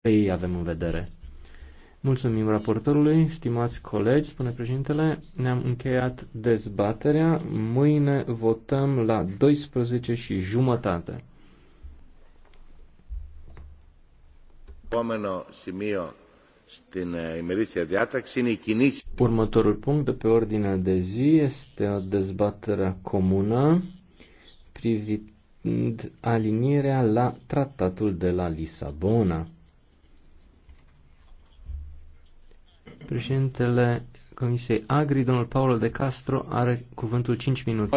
pe ei avem în vedere. Mulțumim raportorului, stimați colegi, spune președintele, ne-am încheiat dezbaterea, mâine votăm la 12 și jumătate. Următorul punct de pe ordinea de zi este o dezbatere comună privind alinierea la tratatul de la Lisabona. Președintele Comisiei Agri, domnul Paul de Castro, are cuvântul 5 minute.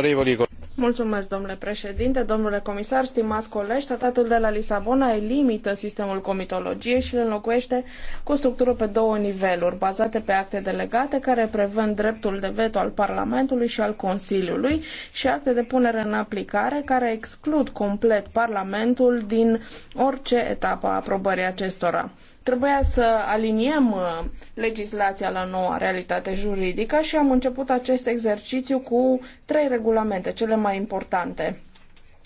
Mulțumesc, domnule președinte, domnule comisar, stimați colegi. Tratatul de la Lisabona limită sistemul comitologiei și îl înlocuiește cu structură pe două niveluri, bazate pe acte delegate care prevând dreptul de veto al Parlamentului și al Consiliului și acte de punere în aplicare care exclud complet Parlamentul din orice etapă a aprobării acestora. Trebuia să aliniem uh, legislația la noua realitate juridică și am început acest exercițiu cu trei regulamente, cele mai importante.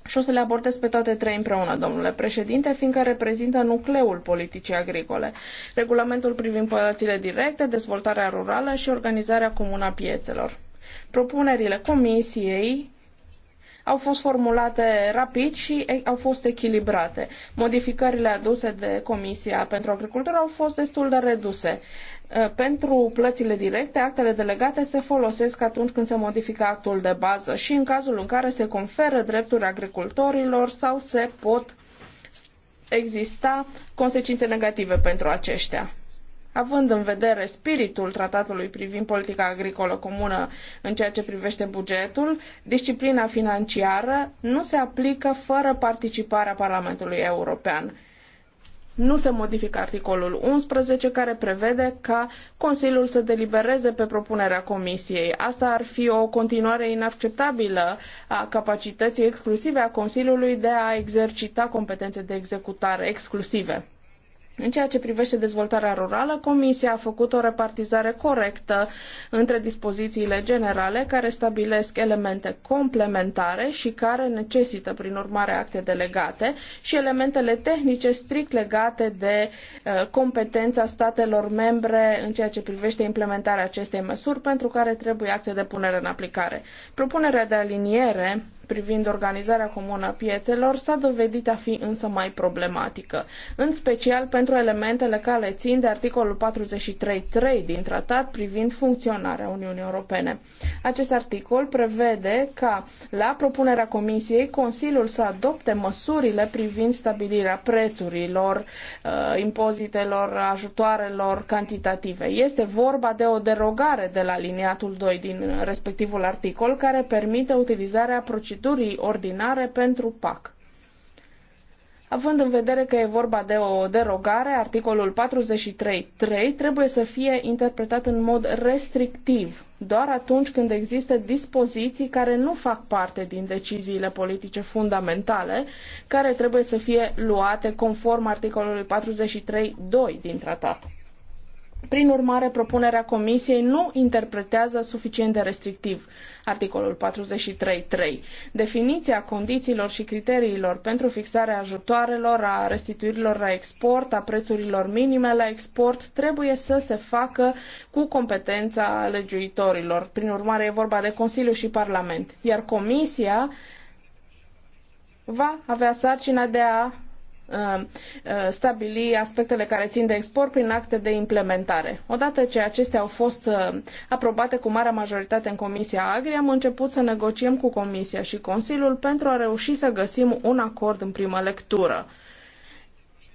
Și o să le abordez pe toate trei împreună, domnule președinte, fiindcă reprezintă nucleul politicii agricole. Regulamentul privind plățile directe, dezvoltarea rurală și organizarea comună a piețelor. Propunerile comisiei au fost formulate rapid și au fost echilibrate. Modificările aduse de Comisia pentru Agricultură au fost destul de reduse. Uh, pentru plățile directe, actele delegate se folosesc atunci când se modifică actul de bază și în cazul în care se conferă drepturi agricultorilor sau se pot exista consecințe negative pentru aceștia având în vedere spiritul tratatului privind politica agricolă comună în ceea ce privește bugetul, disciplina financiară nu se aplică fără participarea Parlamentului European nu se modifică articolul 11 care prevede ca Consiliul să delibereze pe propunerea Comisiei. Asta ar fi o continuare inacceptabilă a capacității exclusive a Consiliului de a exercita competențe de executare exclusive. În ceea ce privește dezvoltarea rurală, Comisia a făcut o repartizare corectă între dispozițiile generale care stabilesc elemente complementare și care necesită, prin urmare, acte delegate și elementele tehnice strict legate de eh, competența statelor membre în ceea ce privește implementarea acestei măsuri pentru care trebuie acte de punere în aplicare. Propunerea de aliniere privind organizarea comună a piețelor s-a dovedit a fi însă mai problematică, în special pentru elementele care țin de articolul 43.3 din tratat privind funcționarea Uniunii Europene. Acest articol prevede ca, la propunerea Comisiei, Consiliul să adopte măsurile privind stabilirea prețurilor, uh, impozitelor, ajutoarelor cantitative. Este vorba de o derogare de la liniatul 2 din respectivul articol care permite utilizarea procedurii procedurii ordinare pentru PAC. Având în vedere că e vorba de o derogare, articolul 43.3 trebuie să fie interpretat în mod restrictiv, doar atunci când există dispoziții care nu fac parte din deciziile politice fundamentale, care trebuie să fie luate conform articolului 43.2 din tratat. Prin urmare, propunerea Comisiei nu interpretează suficient de restrictiv articolul 43.3. Definiția condițiilor și criteriilor pentru fixarea ajutoarelor, a restituirilor la export, a prețurilor minime la export trebuie să se facă cu competența legiuitorilor. Prin urmare, e vorba de Consiliu și Parlament. Iar Comisia va avea sarcina de a Uh, uh, stabili aspectele care țin de export prin acte de implementare. Odată ce acestea au fost uh, aprobate cu marea majoritate în Comisia Agri, am început să negociem cu Comisia și Consiliul pentru a reuși să găsim un acord în primă lectură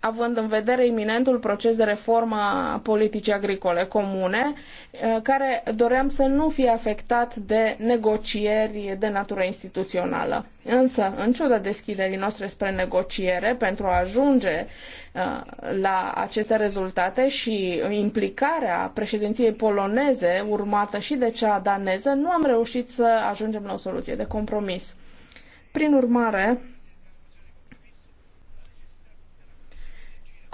având în vedere iminentul proces de reformă a politicii agricole comune, eh, care doream să nu fie afectat de negocieri de natură instituțională. Însă, în ciuda deschiderii noastre spre negociere pentru a ajunge eh, la aceste rezultate și implicarea președinției poloneze, urmată și de cea daneză, nu am reușit să ajungem la o soluție de compromis. Prin urmare,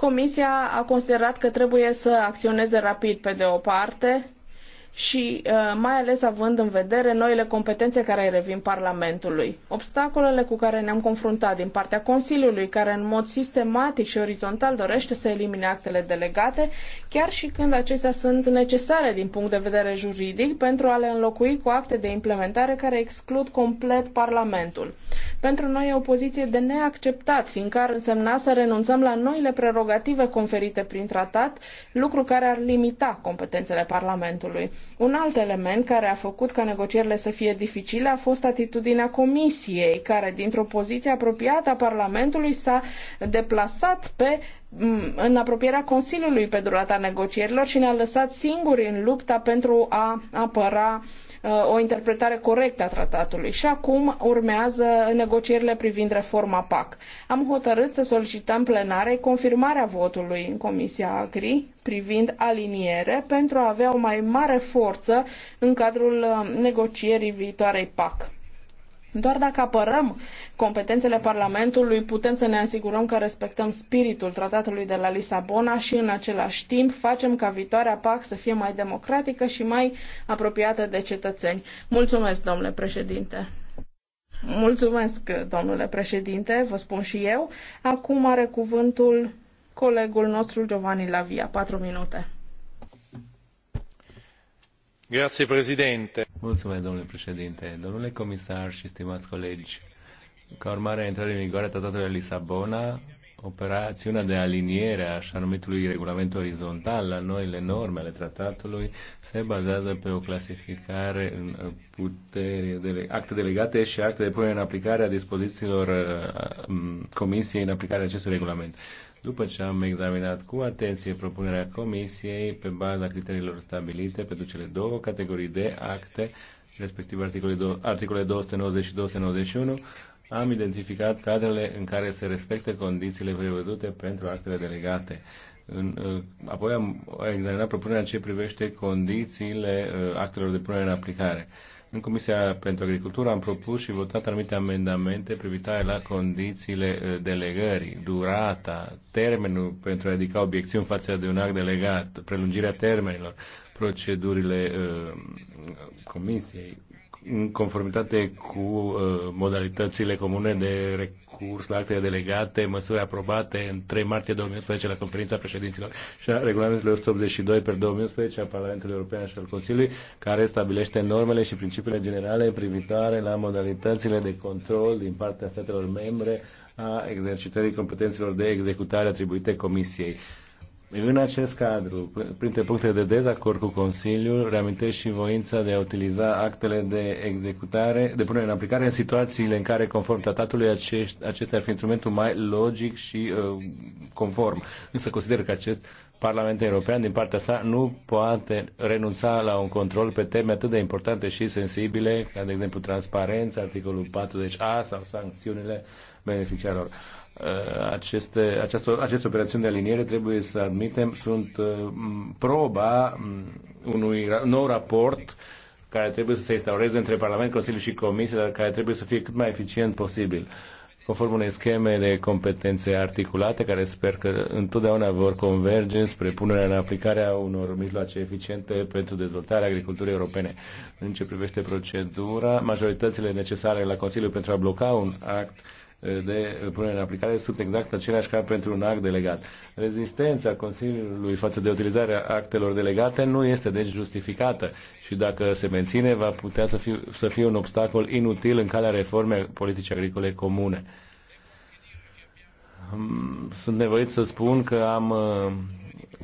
Comisia a considerat că trebuie să acționeze rapid pe de o parte, și uh, mai ales având în vedere noile competențe care îi revin Parlamentului. Obstacolele cu care ne-am confruntat din partea Consiliului, care în mod sistematic și orizontal dorește să elimine actele delegate, chiar și când acestea sunt necesare din punct de vedere juridic, pentru a le înlocui cu acte de implementare care exclud complet Parlamentul. Pentru noi e o poziție de neacceptat, fiindcă ar însemna să renunțăm la noile prerogative conferite prin tratat, lucru care ar limita competențele Parlamentului. Un alt element care a făcut ca negocierile să fie dificile a fost atitudinea Comisiei, care dintr-o poziție apropiată a Parlamentului s-a deplasat pe în apropierea Consiliului pe durata negocierilor și ne-a lăsat singuri în lupta pentru a apăra uh, o interpretare corectă a tratatului. Și acum urmează negocierile privind reforma PAC. Am hotărât să solicităm plenarei confirmarea votului în Comisia Agri privind aliniere pentru a avea o mai mare forță în cadrul uh, negocierii viitoarei PAC. Doar dacă apărăm competențele Parlamentului, putem să ne asigurăm că respectăm spiritul tratatului de la Lisabona și în același timp facem ca viitoarea PAC să fie mai democratică și mai apropiată de cetățeni. Mulțumesc, domnule președinte! Mulțumesc, domnule președinte, vă spun și eu. Acum are cuvântul colegul nostru Giovanni Lavia. Patru minute. Mulțumesc, domnule președinte. Domnule comisar și stimați colegi, ca urmare a intrării în vigoare a Tratatului de Lisabona, operațiunea de aliniere a așa numitului regulament orizontal la noile norme ale tratatului se bazează pe o clasificare în putere de acte delegate și acte de punere în aplicare a dispozițiilor uh, Comisiei în aplicarea acestui regulament. După ce am examinat cu atenție propunerea Comisiei pe baza criteriilor stabilite pentru cele două categorii de acte, respectiv articole, articole 290 și 291, am identificat cadrele în care se respectă condițiile prevăzute pentru actele delegate. În, uh, apoi am examinat propunerea ce privește condițiile uh, actelor de punere în aplicare. În Comisia pentru Agricultură am propus și votat anumite amendamente privitoare la condițiile uh, delegării, durata, termenul pentru a ridica obiecțiuni față de un act delegat, prelungirea termenilor, procedurile uh, Comisiei, în conformitate cu uh, modalitățile comune de recurs la actele delegate, măsuri aprobate în 3 martie 2011 la conferința președinților și a regulamentului 182 per 2011 a Parlamentului European și al Consiliului, care stabilește normele și principiile generale privitoare la modalitățile de control din partea statelor membre a exercitării competențelor de executare atribuite Comisiei. În acest cadru, printre puncte de dezacord cu Consiliul, reamintesc și voința de a utiliza actele de executare, de punere în aplicare în situațiile în care, conform tratatului, acest acesta ar fi instrumentul mai logic și uh, conform. Însă consider că acest Parlament European, din partea sa, nu poate renunța la un control pe teme atât de importante și sensibile, ca, de exemplu, transparența, articolul 40A sau sancțiunile beneficiarilor. Uh, aceste, această, aceste operațiuni de aliniere, trebuie să admitem, sunt uh, proba mm, unui nou raport care trebuie să se instaureze între Parlament, Consiliu și Comisie, dar care trebuie să fie cât mai eficient posibil, conform unei scheme de competențe articulate, care sper că întotdeauna vor converge spre punerea în aplicare a unor mijloace eficiente pentru dezvoltarea agriculturii europene. În ce privește procedura, majoritățile necesare la Consiliu pentru a bloca un act uh, de punere în aplicare sunt exact aceleași ca pentru un act delegat. Rezistența Consiliului față de utilizarea actelor delegate nu este deci justificată și dacă se menține va putea să fie, să fie un obstacol inutil în calea reformei politicii agricole comune sunt nevoit să spun că am uh,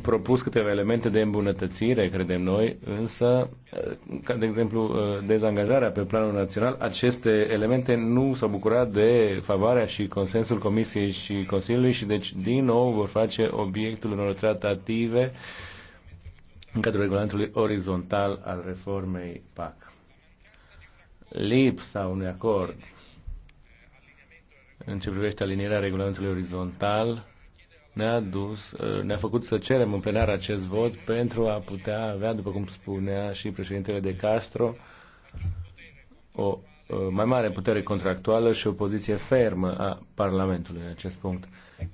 propus câteva elemente de îmbunătățire, credem noi, însă, uh, ca de exemplu uh, dezangajarea pe planul național, aceste elemente nu s-au bucurat de favoarea și consensul Comisiei și Consiliului și deci din nou vor face obiectul unor tratative în cadrul regulamentului orizontal al reformei PAC. Lipsa unui acord în ce privește alinierea regulamentului orizontal, ne-a dus, ne-a făcut să cerem în plenar acest vot pentru a putea avea, după cum spunea și președintele de Castro, o Uh, mai mare putere contractuală și o poziție fermă a Parlamentului în acest punct.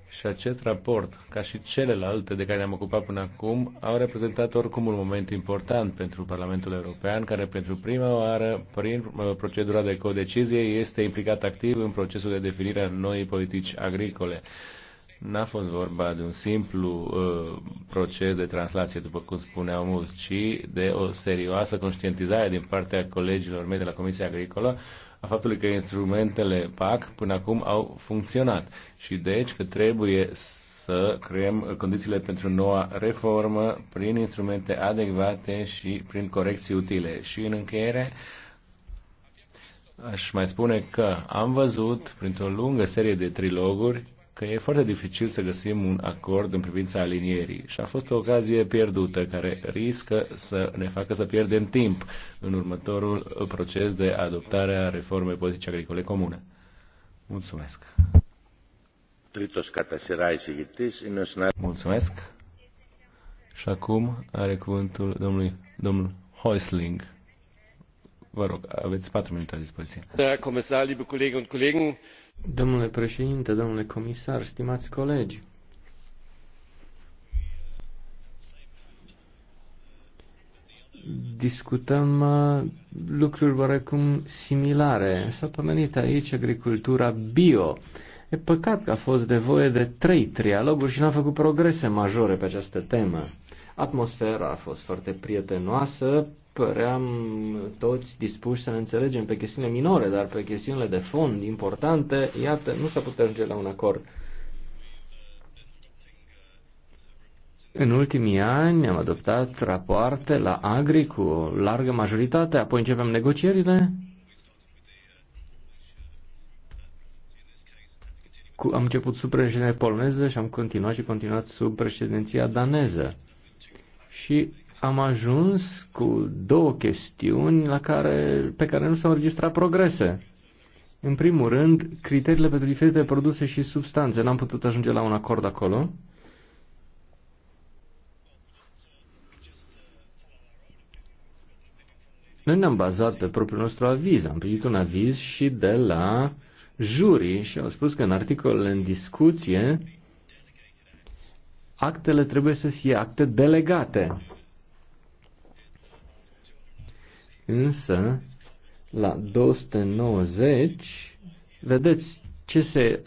Și acest raport, ca și celelalte de care ne-am ocupat până acum, au reprezentat oricum un moment important pentru Parlamentul European, care pentru prima oară, prin uh, procedura de codecizie, este implicat activ în procesul de definire a noii politici agricole. N-a fost vorba de un simplu uh, proces de translație, după cum spuneau mulți, ci de o serioasă conștientizare din partea colegilor mei de la Comisia Agricolă a faptului că instrumentele PAC până acum au funcționat și deci că trebuie să creăm condițiile pentru noua reformă prin instrumente adecvate și prin corecții utile. Și în încheiere, aș mai spune că am văzut printr-o lungă serie de triloguri că e foarte dificil să găsim un acord în privința alinierii și a fost o ocazie pierdută care riscă să ne facă să pierdem timp în următorul proces de adoptare a reformei politice agricole comune. Mulțumesc! Mulțumesc! Și acum are cuvântul domnului, domnul Heusling. Vă rog, aveți patru minute la dispoziție. Da, domnule președinte, domnule comisar, stimați colegi. Discutăm uh, lucruri oarecum similare. S-a pomenit aici agricultura bio. E păcat că a fost nevoie de, de trei trialoguri și n-am făcut progrese majore pe această temă. Atmosfera a fost foarte prietenoasă, păream toți dispuși să ne înțelegem pe chestiunile minore, dar pe chestiunile de fond importante, iată, nu s-a putut ajunge la un acord. În ultimii ani am adoptat rapoarte la Agri cu o largă majoritate, apoi începem negocierile. Cu, am început sub președinția poloneză și am continuat și continuat sub președinția daneză. Și am ajuns cu două chestiuni la care, pe care nu s-au înregistrat progrese. În primul rând, criteriile pentru diferite produse și substanțe. N-am putut ajunge la un acord acolo. Noi ne-am bazat pe propriul nostru aviz. Am primit un aviz și de la jurii și au spus că în articolele în discuție actele trebuie să fie acte delegate. Însă, la 290, vedeți ce, se,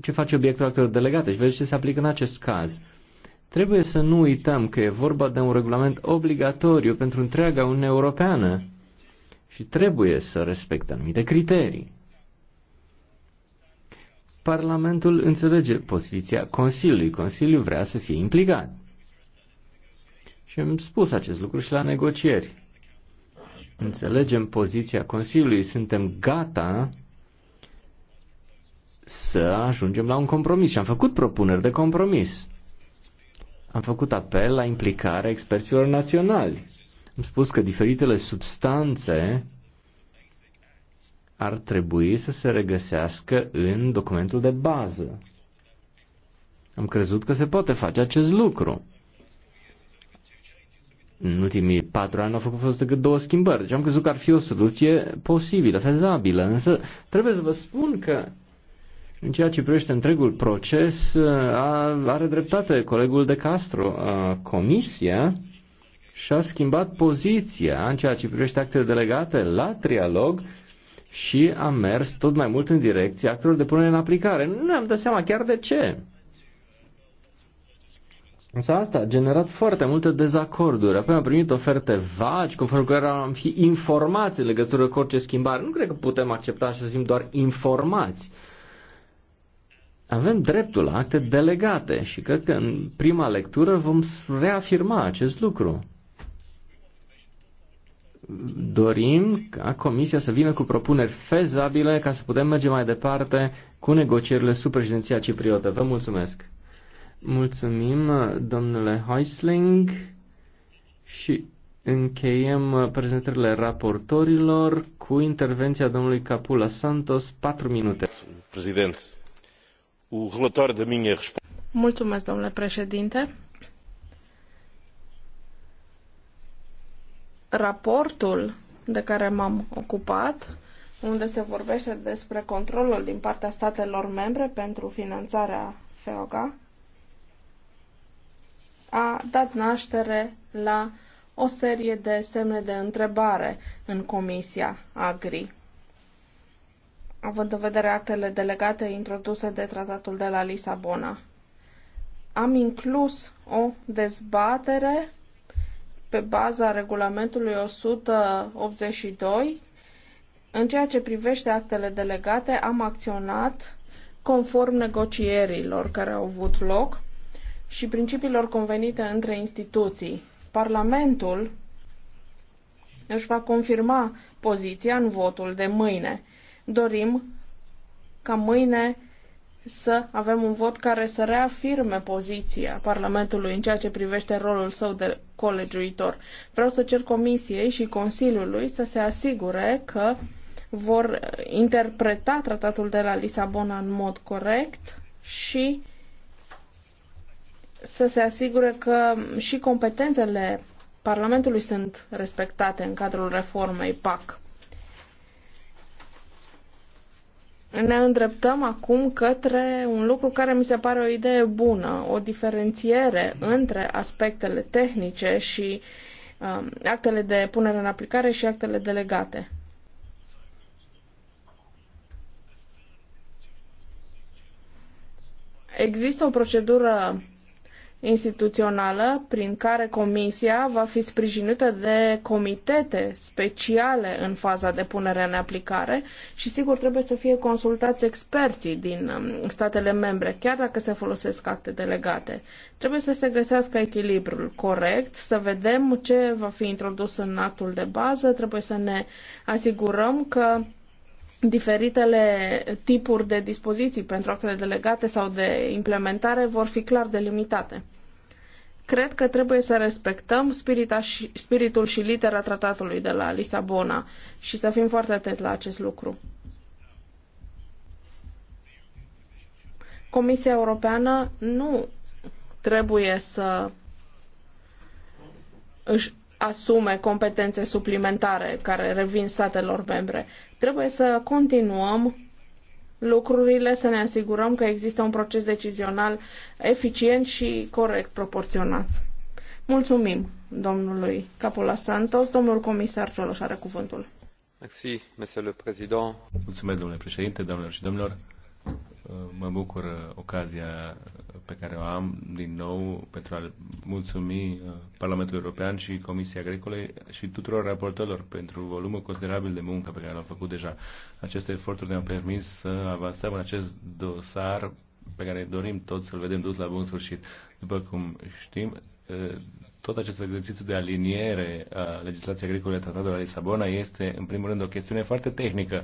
ce face obiectul actelor delegate și vedeți ce se aplică în acest caz. Trebuie să nu uităm că e vorba de un regulament obligatoriu pentru întreaga Uniune Europeană și trebuie să respecte anumite criterii. Parlamentul înțelege poziția Consiliului. Consiliul vrea să fie implicat. Și am spus acest lucru și la negocieri înțelegem poziția Consiliului, suntem gata să ajungem la un compromis și am făcut propuneri de compromis. Am făcut apel la implicarea experților naționali. Am spus că diferitele substanțe ar trebui să se regăsească în documentul de bază. Am crezut că se poate face acest lucru în ultimii patru ani au făcut fost decât două schimbări. Deci am crezut că ar fi o soluție posibilă, fezabilă, însă trebuie să vă spun că în ceea ce privește întregul proces, a, are dreptate colegul de Castro. A, comisia și-a schimbat poziția în ceea ce privește actele delegate la trialog și a mers tot mai mult în direcția actelor de punere în aplicare. Nu ne-am dat seama chiar de ce. Însă asta a generat foarte multe dezacorduri. Apoi am primit oferte vagi, conform care am fi informați în legătură cu orice schimbare. Nu cred că putem accepta să fim doar informați. Avem dreptul la acte delegate și cred că în prima lectură vom reafirma acest lucru. Dorim ca Comisia să vină cu propuneri fezabile ca să putem merge mai departe cu negocierile sub președinția cipriotă. Vă mulțumesc! Mulțumim, domnule Heisling, și încheiem prezentările raportorilor cu intervenția domnului Capula Santos, 4 minute. Președinte, o relator de mine Mulțumesc, domnule președinte. Raportul de care m-am ocupat unde se vorbește despre controlul din partea statelor membre pentru finanțarea FEOGA, a dat naștere la o serie de semne de întrebare în Comisia Agri. Având în vedere actele delegate introduse de Tratatul de la Lisabona, am inclus o dezbatere pe baza regulamentului 182 în ceea ce privește actele delegate, am acționat conform negocierilor care au avut loc și principiilor convenite între instituții. Parlamentul își va confirma poziția în votul de mâine. Dorim ca mâine să avem un vot care să reafirme poziția Parlamentului în ceea ce privește rolul său de colegiuitor. Vreau să cer Comisiei și Consiliului să se asigure că vor interpreta tratatul de la Lisabona în mod corect și să se asigure că și competențele Parlamentului sunt respectate în cadrul reformei PAC. Ne îndreptăm acum către un lucru care mi se pare o idee bună, o diferențiere între aspectele tehnice și uh, actele de punere în aplicare și actele delegate. Există o procedură instituțională prin care Comisia va fi sprijinită de comitete speciale în faza de punere în aplicare și sigur trebuie să fie consultați experții din um, statele membre, chiar dacă se folosesc acte delegate. Trebuie să se găsească echilibrul corect, să vedem ce va fi introdus în actul de bază, trebuie să ne asigurăm că diferitele tipuri de dispoziții pentru actele delegate sau de implementare vor fi clar delimitate. Cred că trebuie să respectăm spirita și, spiritul și litera tratatului de la Lisabona și să fim foarte atenți la acest lucru. Comisia Europeană nu trebuie să își asume competențe suplimentare care revin statelor membre. Trebuie să continuăm lucrurile, să ne asigurăm că există un proces decizional eficient și corect proporționat. Mulțumim domnului Capola Santos. Domnul comisar Cioloș are cuvântul. Mulțumesc, domnule președinte, doamnelor și domnilor mă bucură ocazia pe care o am din nou pentru a mulțumi uh, Parlamentul European și Comisia Agricole și tuturor raportorilor pentru volumul considerabil de muncă pe care l-au făcut deja. Aceste eforturi ne-au permis să avansăm în acest dosar pe care dorim toți să-l vedem dus la bun sfârșit. După cum știm, uh, tot acest exercițiu de aliniere a legislației agricole tratatului la Lisabona este, în primul rând, o chestiune foarte tehnică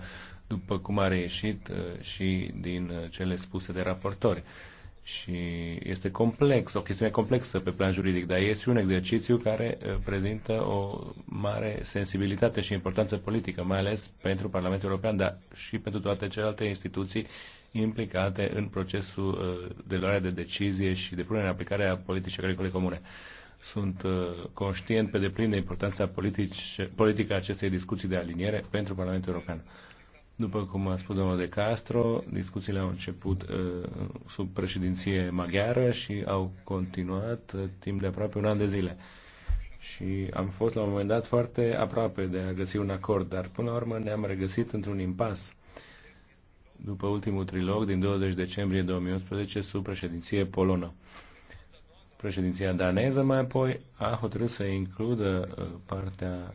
după cum a reieșit uh, și din uh, cele spuse de raportori. Și este complex, o chestiune complexă pe plan juridic, dar este un exercițiu care uh, prezintă o mare sensibilitate și importanță politică, mai ales pentru Parlamentul European, dar și pentru toate celelalte instituții implicate în procesul de luare de decizie și de punere în aplicare a politicii agricole comune. Sunt conștient pe deplin de importanța politică a acestei discuții de aliniere pentru Parlamentul European. După cum a spus domnul De Castro, discuțiile au început uh, sub președinție maghiară și au continuat uh, timp de aproape un an de zile. Și am fost la un moment dat foarte aproape de a găsi un acord, dar până la urmă ne-am regăsit într-un impas. După ultimul trilog din 20 decembrie 2011 sub președinție polonă. Președinția daneză mai apoi a hotărât să includă uh, partea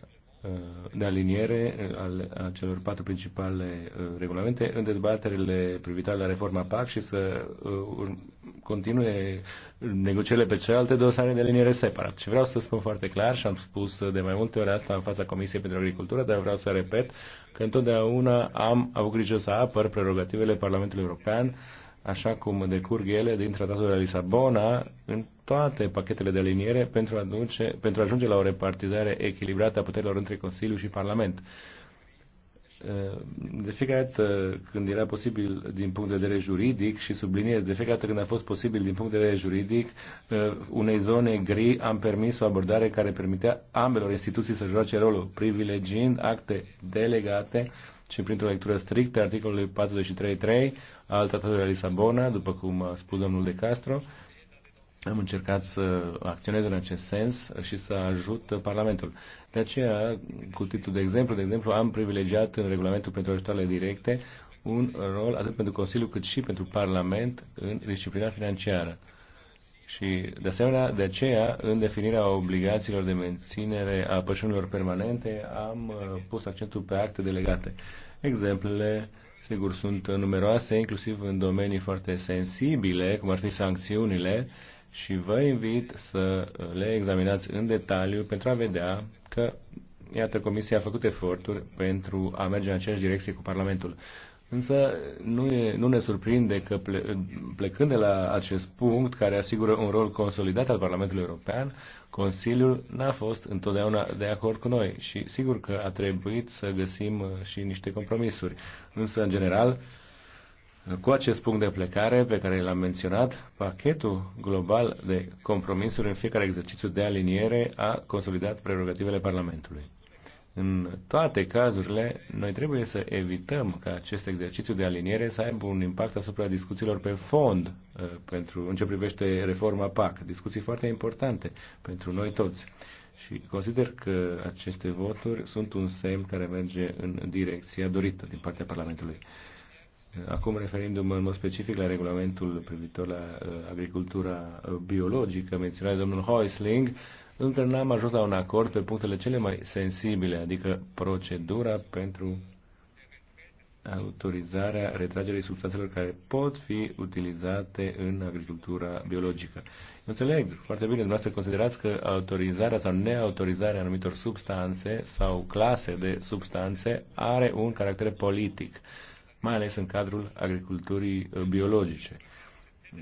de aliniere uh, al, a celor patru principale uh, regulamente în dezbaterile privitoare la reforma PAC și să uh, continue negocierile pe celelalte dosare de aliniere separat. Și vreau să spun foarte clar și am spus de mai multe ori asta în fața Comisiei pentru Agricultură, dar vreau să repet că întotdeauna am avut grijă să apăr prerogativele Parlamentului European așa cum decurg ele din Tratatul de la Lisabona, în toate pachetele de aliniere pentru a, duce, pentru a ajunge la o repartizare echilibrată a puterilor între Consiliu și Parlament. Eh, de fiecare dată eh, când era posibil din punct de vedere juridic și subliniez, de fiecare dată când a fost posibil din punct de vedere juridic, eh, unei zone gri am permis o abordare care permitea ambelor instituții să joace rolul, privilegiind acte delegate uh, ci printr-o lectură strictă articolului 43.3 al Tratatului de Lisabona, după cum a spus domnul De Castro, am încercat să acționez în acest sens și să ajut Parlamentul. De aceea, cu titlul de exemplu, de exemplu, am privilegiat în regulamentul pentru ajutoarele directe un rol atât pentru Consiliu cât și pentru Parlament în disciplina financiară. Și, de asemenea, de aceea, în definirea obligațiilor de menținere a pășunilor permanente, am uh, pus accentul pe acte delegate. Exemplele, sigur, sunt numeroase, inclusiv în domenii foarte sensibile, cum ar fi sancțiunile, și vă invit să uh, le examinați în detaliu pentru a vedea că, iată, Comisia a făcut eforturi pentru a merge în aceeași direcție cu Parlamentul. Însă nu, e, nu ne surprinde că ple, plecând de la acest punct care asigură un rol consolidat al Parlamentului European, Consiliul n-a fost întotdeauna de acord cu noi și sigur că a trebuit să găsim uh, și niște compromisuri. Însă, în general, cu acest punct de plecare pe care l-am menționat, pachetul global de compromisuri în fiecare exercițiu de aliniere a consolidat prerogativele Parlamentului. În toate cazurile, noi trebuie să evităm ca acest exercițiu de aliniere să aibă un impact asupra discuțiilor pe fond uh, pentru, în ce privește reforma PAC. Discuții foarte importante pentru noi toți. Și consider că aceste voturi sunt un semn care merge în direcția dorită din partea Parlamentului. Acum, referindu-mă în mod specific la regulamentul privitor la uh, agricultura uh, biologică menționat de domnul Heusling, încă n-am ajuns la un acord pe punctele cele mai sensibile, adică procedura pentru autorizarea retragerii substanțelor care pot fi utilizate în agricultura biologică. Eu înțeleg foarte bine, dumneavoastră considerați că autorizarea sau neautorizarea anumitor substanțe sau clase de substanțe are un caracter politic mai ales în cadrul agriculturii uh, biologice.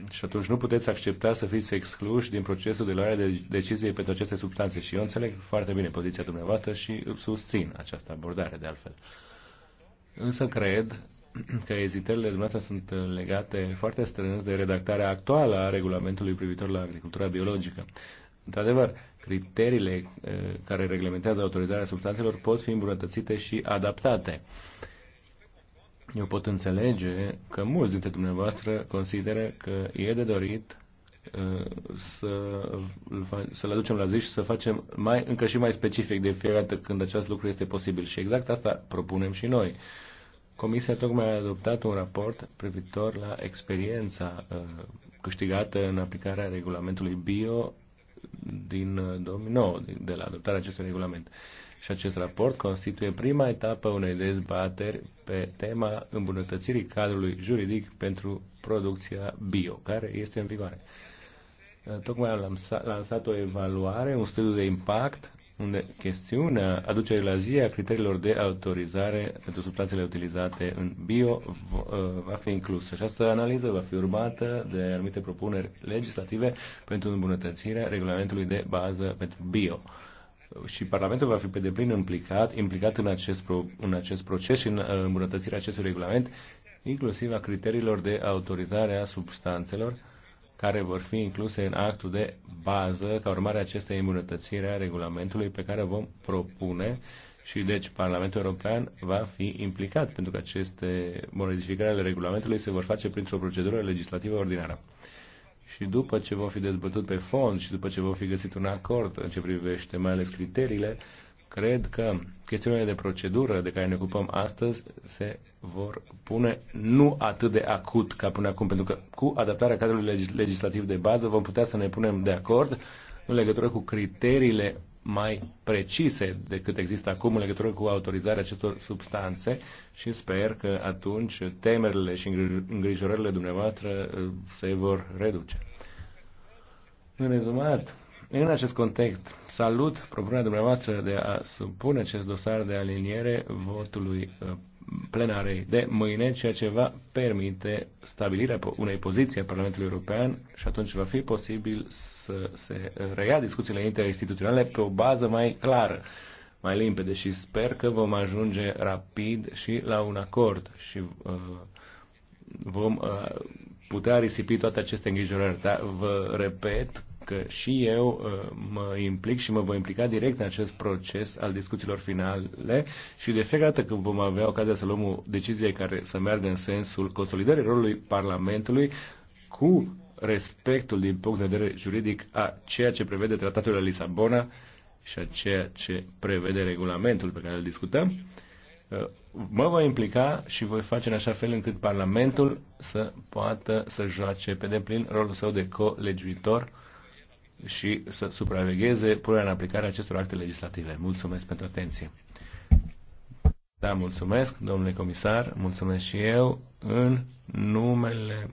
Și atunci nu puteți accepta să fiți excluși din procesul de luare de decizie pentru aceste substanțe. Și eu înțeleg foarte bine poziția dumneavoastră și susțin această abordare, de altfel. Însă cred că ezitările dumneavoastră sunt uh, legate foarte strâns de redactarea actuală a regulamentului privitor la agricultura biologică. Într-adevăr, criteriile uh, care reglementează autorizarea substanțelor pot fi îmbunătățite și adaptate. Uh, eu pot înțelege că mulți dintre dumneavoastră consideră că e de dorit uh, să, să-l aducem la zi și să facem mai, încă și mai specific de fiecare dată când acest lucru este posibil. Și exact asta propunem și noi. Comisia tocmai a adoptat un raport privitor la experiența uh, câștigată în aplicarea regulamentului bio din 2009, uh, de la adoptarea acestui regulament. Uh, și acest raport constituie prima etapă unei dezbateri pe tema îmbunătățirii cadrului juridic pentru producția bio, care este în vigoare. Tocmai am lansat o evaluare, un studiu de impact, unde chestiunea aducerii la zi a criteriilor de autorizare pentru substanțele utilizate în bio ă, va fi inclusă. Această analiză va fi urmată de anumite propuneri legislative pentru îmbunătățirea regulamentului de bază pentru bio și Parlamentul va fi pe deplin implicat, implicat în, acest pro, în acest proces și în îmbunătățirea acestui regulament, inclusiv a criteriilor de autorizare a substanțelor care vor fi incluse în actul de bază ca urmare a acestei îmbunătățiri a regulamentului pe care vom propune și deci Parlamentul European va fi implicat pentru că aceste modificări ale regulamentului se vor face printr-o procedură legislativă ordinară și după ce vom fi dezbătut pe fond și după ce vom fi găsit un acord în ce privește mai ales criteriile, cred că chestiunile de procedură de care ne ocupăm astăzi se vor pune nu atât de acut ca până acum, pentru că cu adaptarea cadrului legislativ de bază vom putea să ne punem de acord în legătură cu criteriile mai precise decât există acum în legătură cu autorizarea acestor substanțe și sper că atunci temerile și îngrijorările dumneavoastră uh, se vor reduce. În rezumat, în acest context, salut propunerea dumneavoastră de a supune acest dosar de aliniere votului uh, plenarei de mâine, ceea ce va permite stabilirea unei poziții a Parlamentului European și atunci va fi posibil să se reia discuțiile interinstituționale pe o bază mai clară, mai limpede și sper că vom ajunge rapid și la un acord și uh, vom uh, putea risipi toate aceste îngrijorări. Dar vă repet că și eu uh, mă implic și mă voi implica direct în acest proces al discuțiilor finale și de fiecare dată când vom avea ocazia să luăm o decizie care să meargă în sensul consolidării rolului Parlamentului cu respectul din punct de vedere juridic a ceea ce prevede Tratatul de Lisabona și a ceea ce prevede regulamentul pe care îl discutăm, uh, mă voi implica și voi face în așa fel încât Parlamentul să poată să joace pe deplin rolul său de colegiuitor și să supravegheze punerea în aplicare a acestor acte legislative. Mulțumesc pentru atenție. Da, mulțumesc, domnule comisar, mulțumesc și eu în numele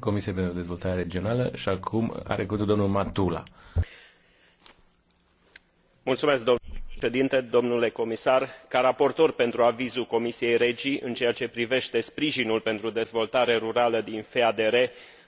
Comisiei pentru Dezvoltare Regională și acum are cuvântul domnul Matula. Mulțumesc, domnule președinte, domnule comisar. Ca raportor pentru avizul Comisiei Regii în ceea ce privește sprijinul pentru dezvoltare rurală din FADR,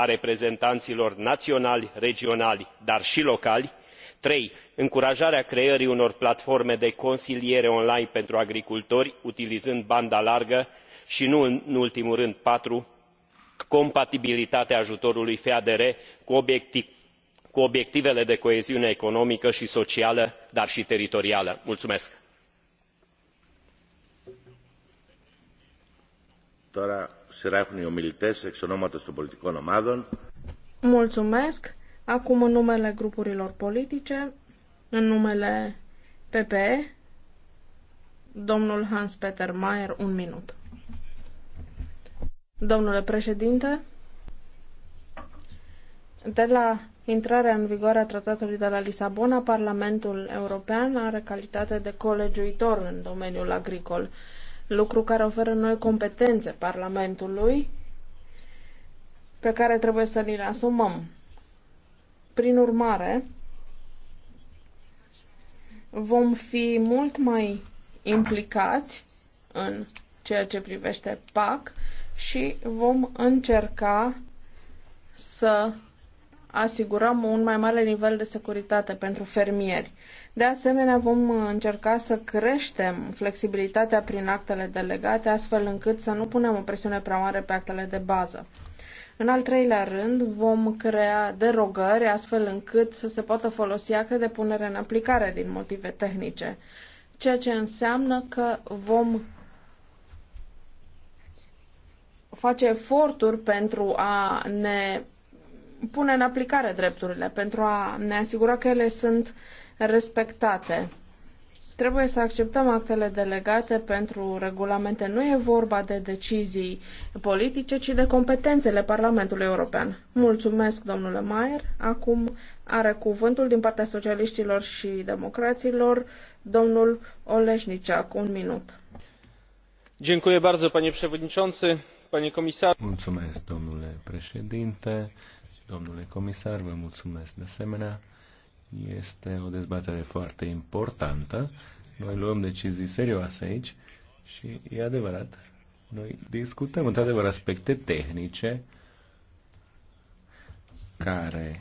a reprezentanilor naionali regionali dar i locali trei încurajarea creării unor platforme de consiliere online pentru agricultori utilizând banda largă i nu în ultimul rând patru compatibilitatea ajutorului feader cu obiectivele de coeziune economică i socială dar i teritorială. Σειρά οι ομιλητές εξ ονόματος των πολιτικών ομάδων. Mulțumesc. Acum în numele grupurilor politice, în numele PPE, domnul Hans-Peter Mayer, un minut. Domnule președinte, de la intrarea în vigoare a tratatului de la Lisabona, Parlamentul European are calitate de colegiuitor în domeniul agricol lucru care oferă noi competențe Parlamentului pe care trebuie să ni le asumăm. Prin urmare, vom fi mult mai implicați în ceea ce privește PAC și vom încerca să asigurăm un mai mare nivel de securitate pentru fermieri. De asemenea, vom încerca să creștem flexibilitatea prin actele delegate, astfel încât să nu punem o presiune prea mare pe actele de bază. În al treilea rând, vom crea derogări astfel încât să se poată folosi acte de punere în aplicare din motive tehnice, ceea ce înseamnă că vom face eforturi pentru a ne pune în aplicare drepturile, pentru a ne asigura că ele sunt respectate. Trebuie să acceptăm actele delegate pentru regulamente. Nu e vorba de decizii politice, ci de competențele Parlamentului European. Mulțumesc, domnule Maier. Acum are cuvântul din partea socialiștilor și democraților domnul Oleșniceac. Un minut. Dziękuję bardzo, panie przewodniczący, panie komisar. Mulțumesc, domnule președinte domnule comisar, vă mulțumesc de asemenea. Este o dezbatere foarte importantă. Noi luăm decizii serioase aici și e adevărat, noi discutăm într-adevăr aspecte tehnice care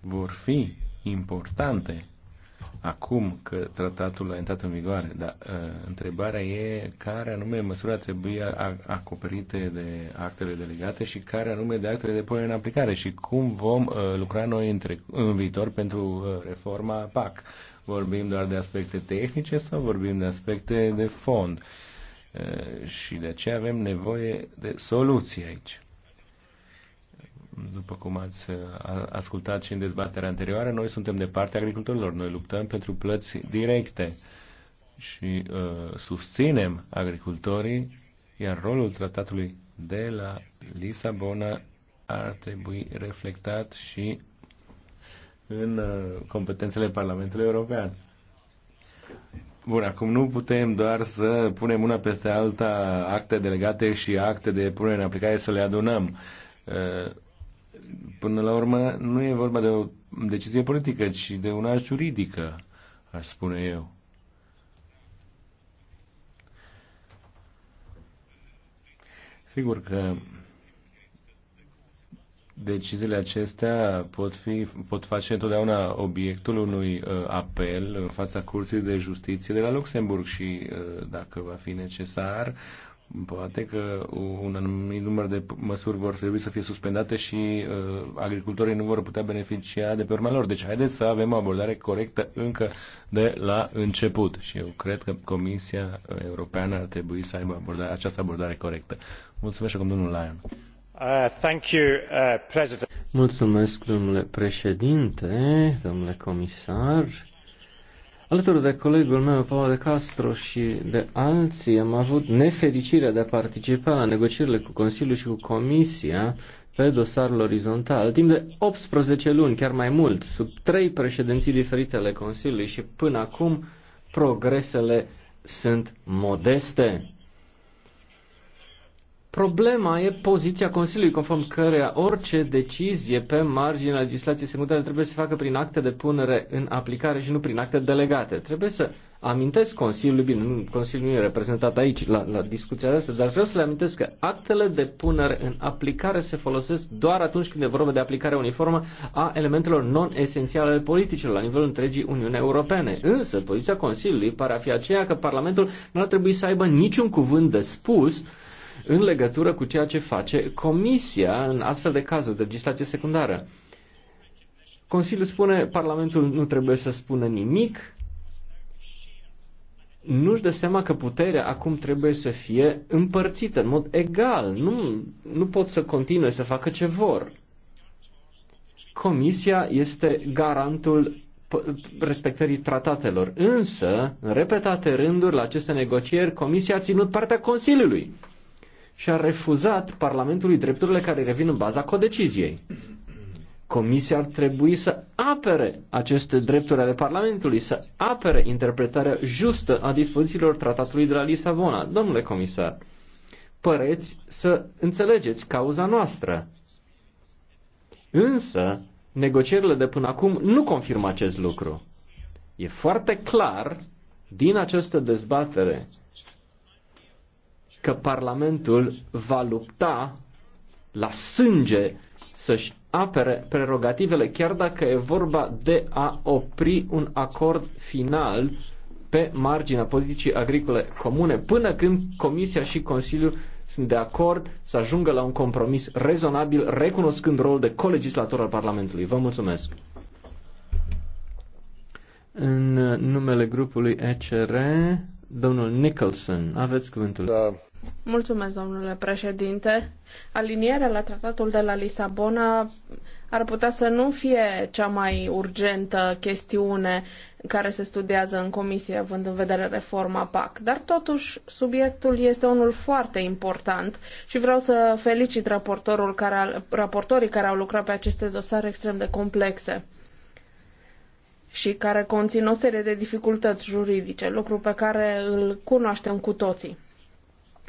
vor fi importante acum că tratatul a intrat în vigoare, dar uh, întrebarea e care anume măsura trebuie acoperite de actele delegate și care anume de actele de punere în aplicare și cum vom uh, lucra noi în, în viitor pentru uh, reforma PAC. Vorbim doar de aspecte tehnice sau vorbim de aspecte de fond? Uh, și de ce avem nevoie de soluții aici. După cum ați ascultat și în dezbaterea anterioară, noi suntem de partea agricultorilor. Noi luptăm pentru plăți directe și uh, susținem agricultorii, iar rolul tratatului de la Lisabona ar trebui reflectat și în uh, competențele Parlamentului European. Bun, acum nu putem doar să punem una peste alta acte delegate și acte de punere în aplicare să le adunăm. Uh, Până la urmă, nu e vorba de o decizie politică, ci de una juridică, aș spune eu. Sigur că deciziile acestea pot, fi, pot face întotdeauna obiectul unui uh, apel în fața Curții de Justiție de la Luxemburg și, uh, dacă va fi necesar, Poate că un anumit număr de măsuri vor trebui să fie suspendate și uh, agricultorii nu vor putea beneficia de pe urma lor. Deci haideți să avem o abordare corectă încă de la început. Și eu cred că Comisia Europeană ar trebui să aibă abordare, această abordare corectă. Mulțumesc acum domnul Lyon. Uh, thank you, uh, President. Mulțumesc, domnule președinte, domnule comisar. Alături de colegul meu, Paul de Castro și de alții, am avut nefericirea de a participa la negocierile cu Consiliul și cu Comisia pe dosarul orizontal, timp de 18 luni, chiar mai mult, sub trei președinții diferite ale Consiliului și până acum progresele sunt modeste. Problema e poziția Consiliului, conform căreia orice decizie pe marginea legislației secundare trebuie să se facă prin acte de punere în aplicare și nu prin acte delegate. Trebuie să amintesc Consiliului, bine, nu, Consiliul nu e reprezentat aici la, la discuția asta, dar vreau să le amintesc că actele de punere în aplicare se folosesc doar atunci când e vorba de aplicarea uniformă a elementelor non-esențiale ale politicilor la nivelul întregii Uniunii Europene. Însă, poziția Consiliului pare a fi aceea că Parlamentul nu ar trebui să aibă niciun cuvânt de spus în legătură cu ceea ce face Comisia în astfel de cazuri de legislație secundară. Consiliul spune, Parlamentul nu trebuie să spună nimic, nu-și dă seama că puterea acum trebuie să fie împărțită în mod egal. Nu, nu pot să continue să facă ce vor. Comisia este garantul respectării tratatelor. Însă, în repetate rânduri la aceste negocieri, Comisia a ținut partea Consiliului și a refuzat Parlamentului drepturile care revin în baza codeciziei. Comisia ar trebui să apere aceste drepturi ale Parlamentului, să apere interpretarea justă a dispozițiilor tratatului de la Lisabona. Domnule comisar, păreți să înțelegeți cauza noastră. Însă, negocierile de până acum nu confirmă acest lucru. E foarte clar din această dezbatere că Parlamentul va lupta la sânge să-și apere prerogativele, chiar dacă e vorba de a opri un acord final pe marginea politicii agricole comune, până când Comisia și Consiliul sunt de acord să ajungă la un compromis rezonabil, recunoscând rolul de colegislator al Parlamentului. Vă mulțumesc! În numele grupului ECR, domnul Nicholson, aveți cuvântul. Da. Mulțumesc, domnule președinte. Alinierea la tratatul de la Lisabona ar putea să nu fie cea mai urgentă chestiune care se studiază în comisie, având în vedere reforma PAC. Dar totuși, subiectul este unul foarte important și vreau să felicit raportorul care, raportorii care au lucrat pe aceste dosare extrem de complexe și care conțin o serie de dificultăți juridice, lucru pe care îl cunoaștem cu toții.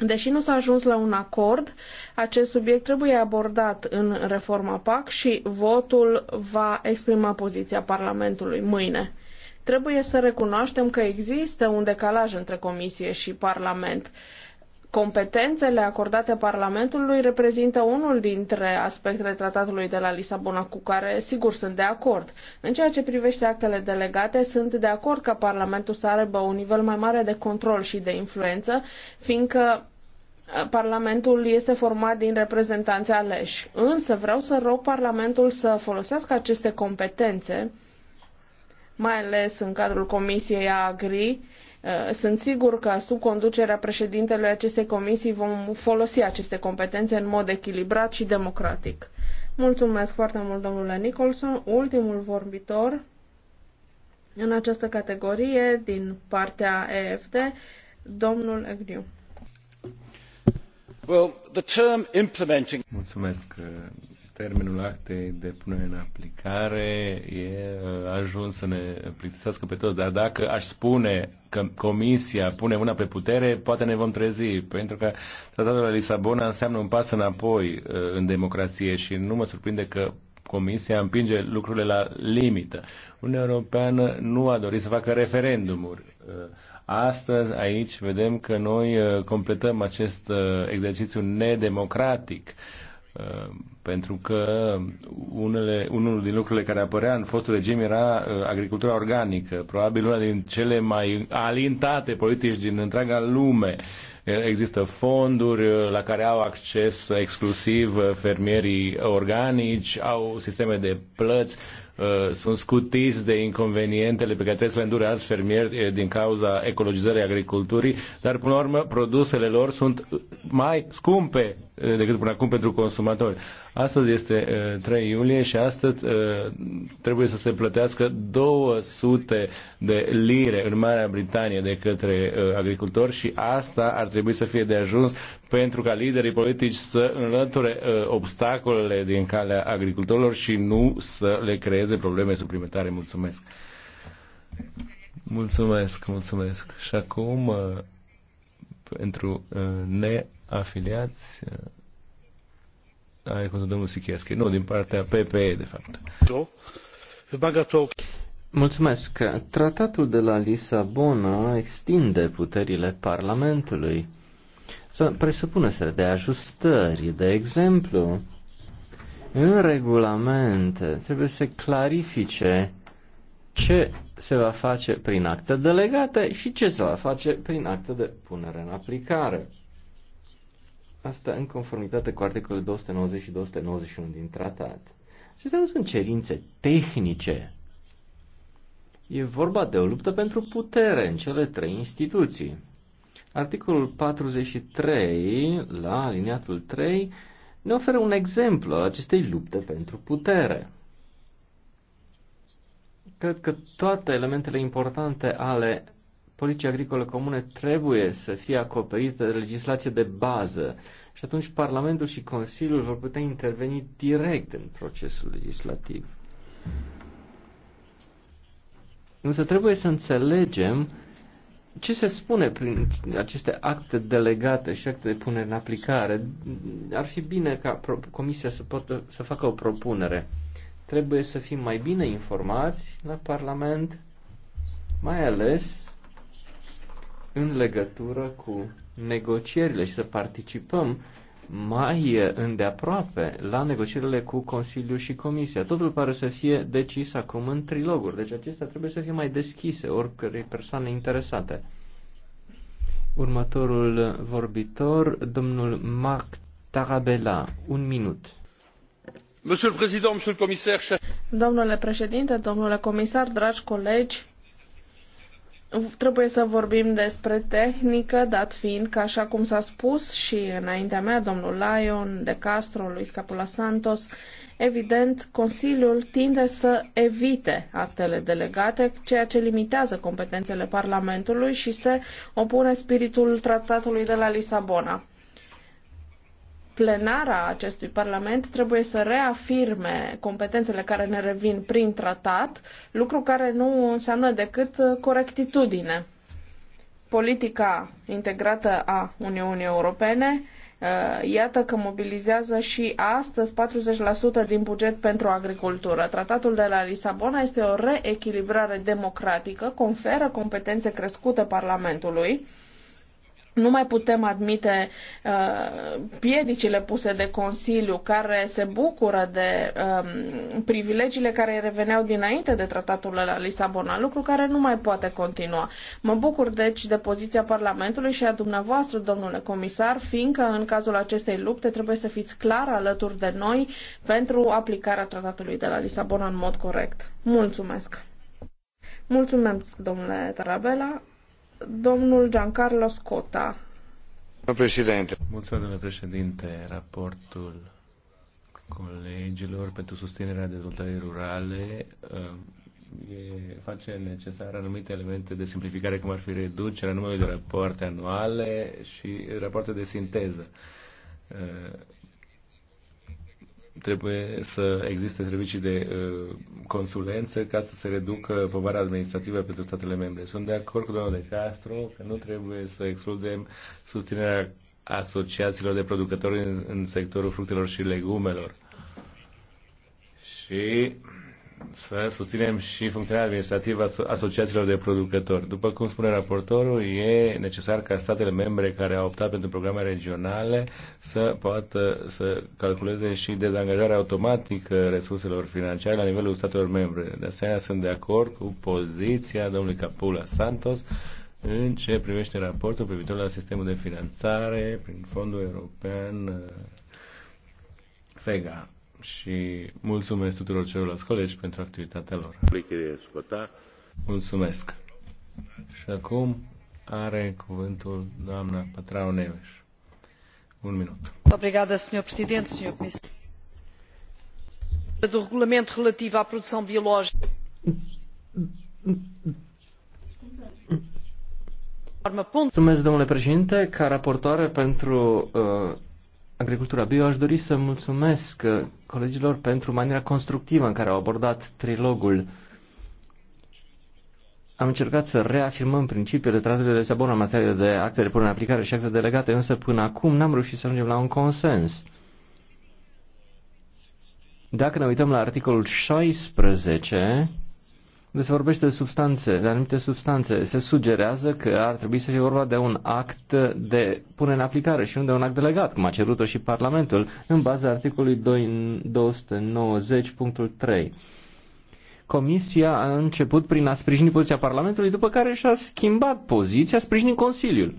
Deși nu s-a ajuns la un acord, acest subiect trebuie abordat în reforma PAC și votul va exprima poziția Parlamentului mâine. Trebuie să recunoaștem că există un decalaj între Comisie și Parlament. Competențele acordate Parlamentului reprezintă unul dintre aspectele tratatului de la Lisabona cu care, sigur, sunt de acord. În ceea ce privește actele delegate, sunt de acord ca Parlamentul să aibă un nivel mai mare de control și de influență, fiindcă uh, Parlamentul este format din reprezentanți aleși. Însă vreau să rog Parlamentul să folosească aceste competențe, mai ales în cadrul Comisiei Agri, Eh, sunt sigur că sub conducerea președintelui acestei comisii vom folosi aceste competențe în mod echilibrat și democratic. Mulțumesc foarte mult, domnule Nicholson. Ultimul vorbitor în această categorie din partea EFD, domnul Agnew. Well, the term implementing... Mulțumesc termenul actei de punere în aplicare e uh, ajuns să ne plictisească pe toți. Dar dacă aș spune că Comisia pune una pe putere, poate ne vom trezi, pentru că Tratatul de Lisabona înseamnă un pas înapoi uh, în democrație și nu mă surprinde că Comisia împinge lucrurile la limită. Uniunea Europeană nu a dorit să facă referendumuri. Uh, astăzi, aici, vedem că noi completăm acest exercițiu nedemocratic Uh, pentru că unele, unul din lucrurile care apărea în fostul regim era uh, agricultura organică, probabil una din cele mai alintate politici din întreaga lume. Uh, există fonduri la care au acces exclusiv fermierii organici, au sisteme de plăți Uh, sunt scutiți de inconvenientele pe care trebuie să le îndure alți fermieri uh, din cauza ecologizării agriculturii, dar până la urmă produsele lor sunt mai scumpe uh, decât până acum pentru consumatori. Astăzi este 3 iulie și astăzi trebuie să se plătească 200 de lire în Marea Britanie de către agricultori și asta ar trebui să fie de ajuns pentru ca liderii politici să înlăture obstacolele din calea agricultorilor și nu să le creeze creeze probleme suplimentare. Mulțumesc! Mulțumesc, mulțumesc! Și acum, uh, pentru uh, neafiliați, uh, are cuvântul domnul Sicheschi. Nu, din partea PPE, de fapt. Mulțumesc. Tratatul de la Lisabona extinde puterile Parlamentului. Să presupune să de ajustări, de exemplu, în regulamente trebuie să clarifice ce se va face prin acte delegate și ce se va face prin acte de punere în aplicare. Asta în conformitate cu articolul 290 și 291 din tratat. Acestea nu sunt cerințe tehnice. E vorba de o luptă pentru putere în cele trei instituții. Articolul 43, la alineatul 3, ne oferă un exemplu al acestei lupte pentru putere. Cred că toate elementele importante ale politicii agricole comune trebuie să fie acoperite de legislație de bază și atunci Parlamentul și Consiliul vor putea interveni direct în procesul legislativ. Însă trebuie să înțelegem ce se spune prin aceste acte delegate și acte de punere în aplicare? Ar fi bine ca Comisia să, poată, să facă o propunere. Trebuie să fim mai bine informați la Parlament, mai ales în legătură cu negocierile și să participăm mai îndeaproape la negocierile cu Consiliul și Comisia. Totul pare să fie decis acum în triloguri, deci acestea trebuie să fie mai deschise oricărei persoane interesate. Următorul vorbitor, domnul Marc Tarabella, un minut. Monsieur le Président, Monsieur le Commissaire, Domnule președinte, domnule comisar, dragi colegi, Trebuie să vorbim despre tehnică, dat fiind că, așa cum s-a spus și înaintea mea, domnul Lyon, De Castro, Luis Capula Santos, evident, Consiliul tinde să evite actele delegate, ceea ce limitează competențele Parlamentului și se opune spiritul tratatului de la Lisabona plenara acestui Parlament trebuie să reafirme competențele care ne revin prin tratat, lucru care nu înseamnă decât corectitudine. Politica integrată a Uniunii Europene uh, Iată că mobilizează și astăzi 40% din buget pentru agricultură. Tratatul de la Lisabona este o reechilibrare democratică, conferă competențe crescute Parlamentului nu mai putem admite uh, piedicile puse de Consiliu, care se bucură de um, privilegiile care îi reveneau dinainte de tratatul la Lisabona, lucru care nu mai poate continua. Mă bucur deci de poziția Parlamentului și a dumneavoastră, domnule comisar, fiindcă în cazul acestei lupte trebuie să fiți clar alături de noi pentru aplicarea tratatului de la Lisabona în mod corect. Mulțumesc! Mulțumesc, domnule Tarabela domnul Giancarlo Scotta. Președinte. Mulțumesc, domnule președinte. Raportul colegilor pentru susținerea dezvoltării rurale uh, e, face necesar anumite elemente de simplificare, cum ar fi reducerea numărului de rapoarte anuale și rapoarte de sinteză uh, trebuie să existe servicii de uh, consulență ca să se reducă povara administrativă pentru statele membre. Sunt de acord cu domnul De Castro că nu trebuie să excludem susținerea asociațiilor de producători în, în sectorul fructelor și legumelor. Și să susținem și funcționarea administrativă a asociațiilor de producători. După cum spune raportorul, e necesar ca statele membre care au optat pentru programe regionale să poată să calculeze și dezangajarea automatică resurselor financiare la nivelul statelor membre. De asemenea, sunt de acord cu poziția domnului Capula Santos în ce privește raportul privitor la sistemul de finanțare prin Fondul European uh, FEGA și mulțumesc tuturor celorlalți colegi pentru activitatea lor. Mulțumesc. Și acum are cuvântul doamna Patrao Neves. Un minut. Obrigada, senhor presidente, senhor comissário. Do regulamento relativo à produção biológica. Mulțumesc, domnule președinte, ca raportoare pentru uh, agricultura bio, aș dori să mulțumesc uh, colegilor pentru maniera constructivă în care au abordat trilogul. Am încercat să reafirmăm principiile tratatului de Sabon în materie de acte de punere în aplicare și acte delegate, însă până acum n-am reușit să ajungem la un consens. Dacă ne uităm la articolul 16, unde se vorbește de substanțe, de anumite substanțe, se sugerează că ar trebui să fie vorba de un act de pune în aplicare și nu de un act delegat, cum a cerut-o și Parlamentul, în baza articolului 290.3. Comisia a început prin a sprijini poziția Parlamentului, după care și-a schimbat poziția sprijinind Consiliul.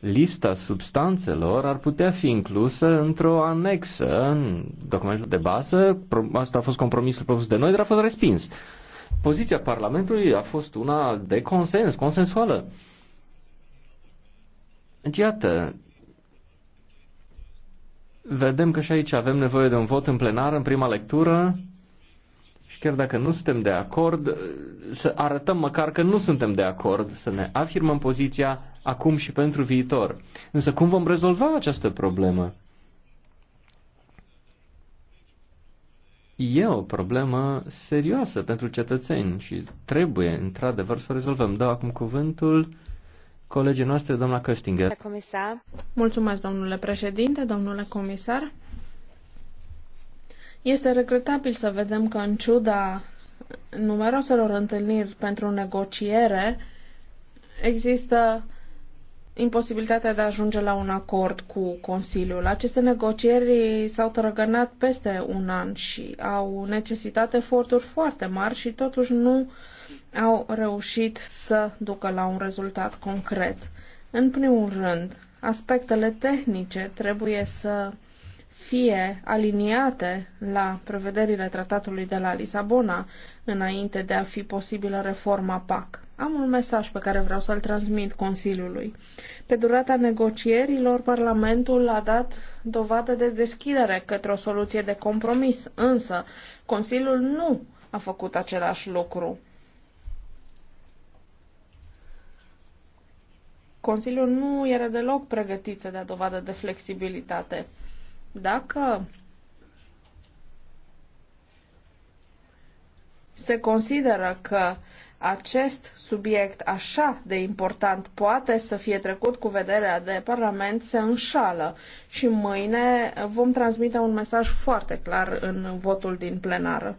Lista substanțelor ar putea fi inclusă într-o anexă în documentul de bază. Asta a fost compromisul propus de noi, dar a fost respins. Poziția Parlamentului a fost una de consens, consensuală. Iată, vedem că și aici avem nevoie de un vot în plenar, în prima lectură, și chiar dacă nu suntem de acord, să arătăm măcar că nu suntem de acord, să ne afirmăm poziția acum și pentru viitor. Însă cum vom rezolva această problemă? e o problemă serioasă pentru cetățeni și trebuie, într-adevăr, să o rezolvăm. Dau acum cuvântul colegii noastre, doamna Căstinger. Comisar. Mulțumesc, domnule președinte, domnule comisar. Este regretabil să vedem că, în ciuda numeroselor întâlniri pentru negociere, există imposibilitatea de a ajunge la un acord cu Consiliul. Aceste negocieri s-au trăgănat peste un an și au necesitat eforturi foarte mari și totuși nu au reușit să ducă la un rezultat concret. În primul rând, aspectele tehnice trebuie să fie aliniate la prevederile tratatului de la Lisabona înainte de a fi posibilă reforma PAC. Am un mesaj pe care vreau să-l transmit Consiliului. Pe durata negocierilor, Parlamentul a dat dovadă de deschidere către o soluție de compromis, însă Consiliul nu a făcut același lucru. Consiliul nu era deloc pregătit să dea dovadă de flexibilitate. Dacă se consideră că acest subiect așa de important poate să fie trecut cu vederea de Parlament se înșală și mâine vom transmite un mesaj foarte clar în votul din plenară.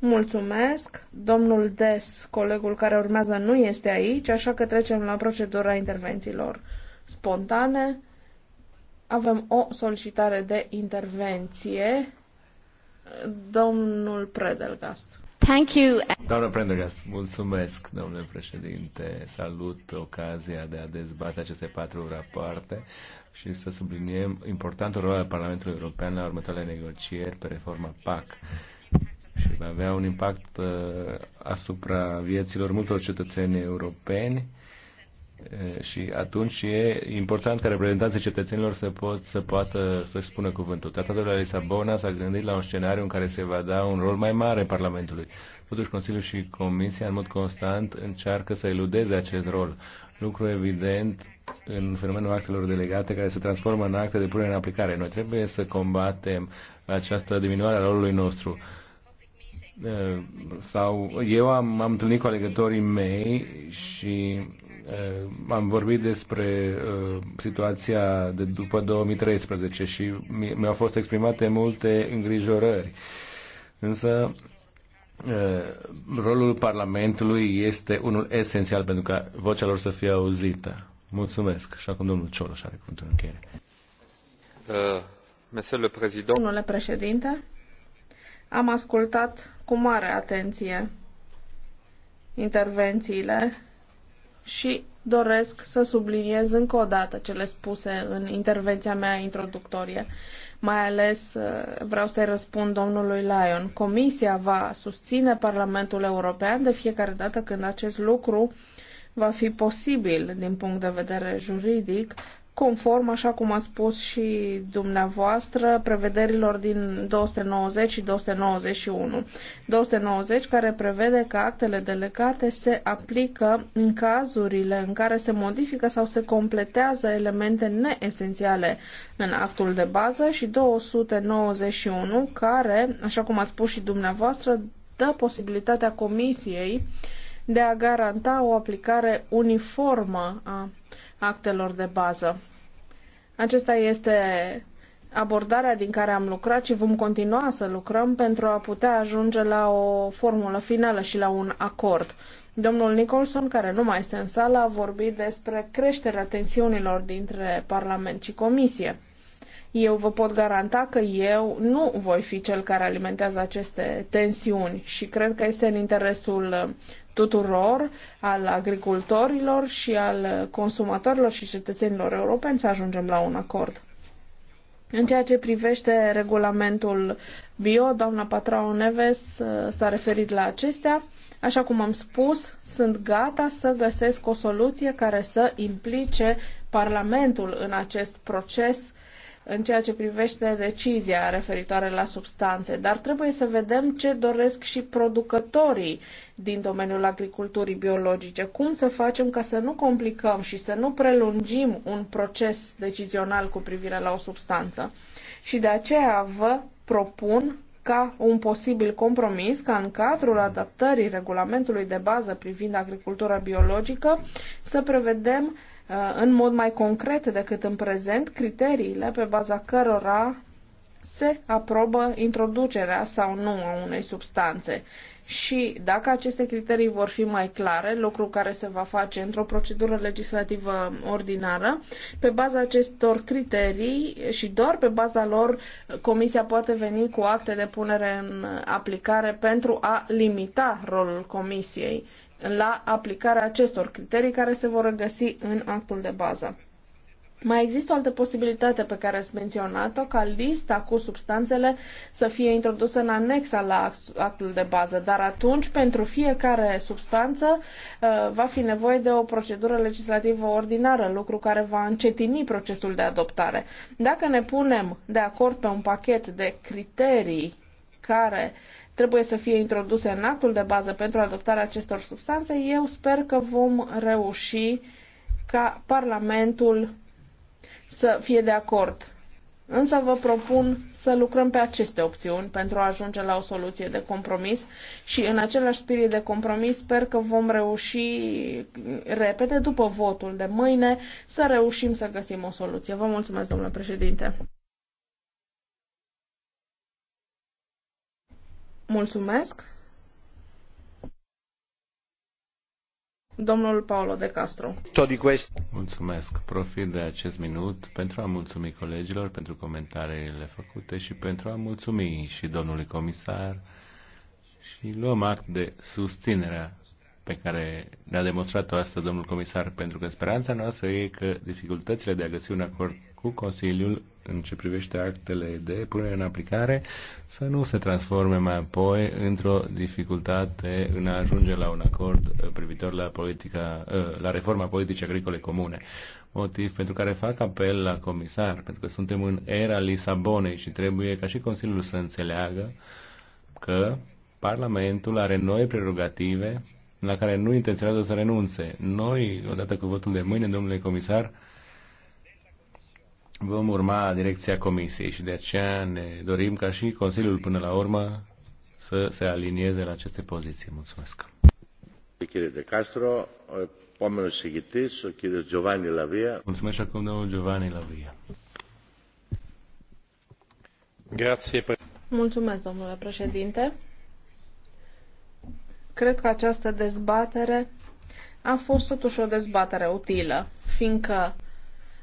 Mulțumesc. Domnul Des, colegul care urmează, nu este aici, așa că trecem la procedura intervențiilor spontane. Avem o solicitare de intervenție. Domnul Predelgast. Thank you. Doamna Prendergast, mulțumesc, domnule președinte. Salut ocazia de a dezbate aceste patru rapoarte și să subliniem importantul rol al Parlamentului European la următoarele negocieri pe reforma PAC și va avea un impact uh, asupra vieților multor cetățeni europeni și atunci e important ca reprezentanții cetățenilor să, pot, să poată să-și spună cuvântul. Tratatul de la Lisabona s-a gândit la un scenariu în care se va da un rol mai mare Parlamentului. Totuși, Consiliul și Comisia, în mod constant, încearcă să eludeze acest rol. Lucru evident în fenomenul actelor delegate care se transformă în acte de punere în aplicare. Noi trebuie să combatem această diminuare a rolului nostru sau eu am, am întâlnit cu alegătorii mei și Eh, am vorbit despre eh, situația de după 2013 și mi-au fost exprimate multe îngrijorări. Însă eh, rolul Parlamentului este unul esențial pentru ca vocea lor să fie auzită. Mulțumesc. Și acum domnul Cioloș are cuvântul în încheiere. Domnule președinte, am ascultat cu mare atenție intervențiile și doresc să subliniez încă o dată cele spuse în intervenția mea introductorie. Mai ales uh, vreau să-i răspund domnului Lyon. Comisia va susține Parlamentul European de fiecare dată când acest lucru va fi posibil din punct de vedere juridic conform, așa cum a spus și dumneavoastră, prevederilor din 290 și 291. 290 care prevede că actele delegate se aplică în cazurile în care se modifică sau se completează elemente neesențiale în actul de bază și 291 care, așa cum a spus și dumneavoastră, dă posibilitatea comisiei de a garanta o aplicare uniformă a actelor de bază. Acesta este abordarea din care am lucrat și vom continua să lucrăm pentru a putea ajunge la o formulă finală și la un acord. Domnul Nicholson, care nu mai este în sală, a vorbit despre creșterea tensiunilor dintre Parlament și Comisie. Eu vă pot garanta că eu nu voi fi cel care alimentează aceste tensiuni și cred că este în interesul tuturor, al agricultorilor și al consumatorilor și cetățenilor europeni să ajungem la un acord. În ceea ce privește regulamentul bio, doamna Patrao Neves uh, s-a referit la acestea. Așa cum am spus, sunt gata să găsesc o soluție care să implice Parlamentul în acest proces în ceea ce privește decizia referitoare la substanțe, dar trebuie să vedem ce doresc și producătorii din domeniul agriculturii biologice. Cum să facem ca să nu complicăm și să nu prelungim un proces decizional cu privire la o substanță. Și de aceea vă propun ca un posibil compromis ca în cadrul adaptării regulamentului de bază privind agricultura biologică să prevedem Uh, în mod mai concret decât în prezent criteriile pe baza cărora se aprobă introducerea sau nu a unei substanțe. Și dacă aceste criterii vor fi mai clare, lucru care se va face într-o procedură legislativă ordinară, pe baza acestor criterii și doar pe baza lor, Comisia poate veni cu acte de punere în aplicare pentru a limita rolul Comisiei la aplicarea acestor criterii care se vor găsi în actul de bază. Mai există o altă posibilitate pe care ați menționat-o, ca lista cu substanțele să fie introdusă în anexa la actul de bază, dar atunci pentru fiecare substanță uh, va fi nevoie de o procedură legislativă ordinară, lucru care va încetini procesul de adoptare. Dacă ne punem de acord pe un pachet de criterii care trebuie să fie introduse în actul de bază pentru adoptarea acestor substanțe, eu sper că vom reuși ca Parlamentul să fie de acord. Însă vă propun să lucrăm pe aceste opțiuni pentru a ajunge la o soluție de compromis și în același spirit de compromis sper că vom reuși repede după votul de mâine să reușim să găsim o soluție. Vă mulțumesc, domnule președinte. Mulțumesc. Domnul Paolo De Castro. Mulțumesc. Profit de acest minut pentru a mulțumi colegilor pentru comentariile făcute și pentru a mulțumi și domnului comisar și luăm act de susținerea pe care ne-a demonstrat-o astăzi domnul comisar, pentru că speranța noastră e că dificultățile de a găsi un acord cu Consiliul în ce privește actele de punere în aplicare să nu se transforme mai apoi într-o dificultate în a ajunge la un acord uh, privitor la, politica, uh, la reforma politicii agricole comune. Motiv pentru care fac apel la comisar, pentru că suntem în era Lisabonei și trebuie ca și Consiliul să înțeleagă că Parlamentul are noi prerogative la care nu intenționează să renunțe. Noi, odată cu votul de mâine, domnule comisar, vom urma direcția Comisiei și de aceea ne dorim ca și Consiliul până la urmă să se alinieze la aceste poziții. Mulțumesc. De Castro, Giovanni Lavia. Mulțumesc acum domnul Giovanni Lavia. Grazie. Mulțumesc, domnule președinte. Cred că această dezbatere a fost totuși o dezbatere utilă, fiindcă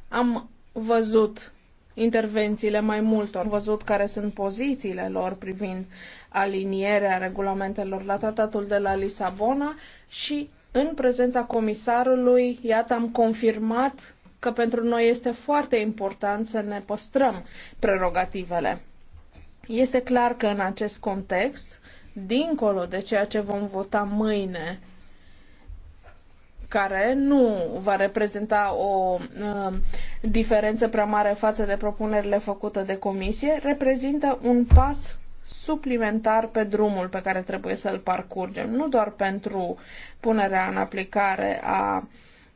am văzut intervențiile mai multor, văzut care sunt pozițiile lor privind alinierea regulamentelor la tratatul de la Lisabona și în prezența comisarului, iată, am confirmat că pentru noi este foarte important să ne păstrăm prerogativele. Este clar că în acest context, dincolo de ceea ce vom vota mâine care nu va reprezenta o uh, diferență prea mare față de propunerile făcute de comisie, reprezintă un pas suplimentar pe drumul pe care trebuie să-l parcurgem, nu doar pentru punerea în aplicare a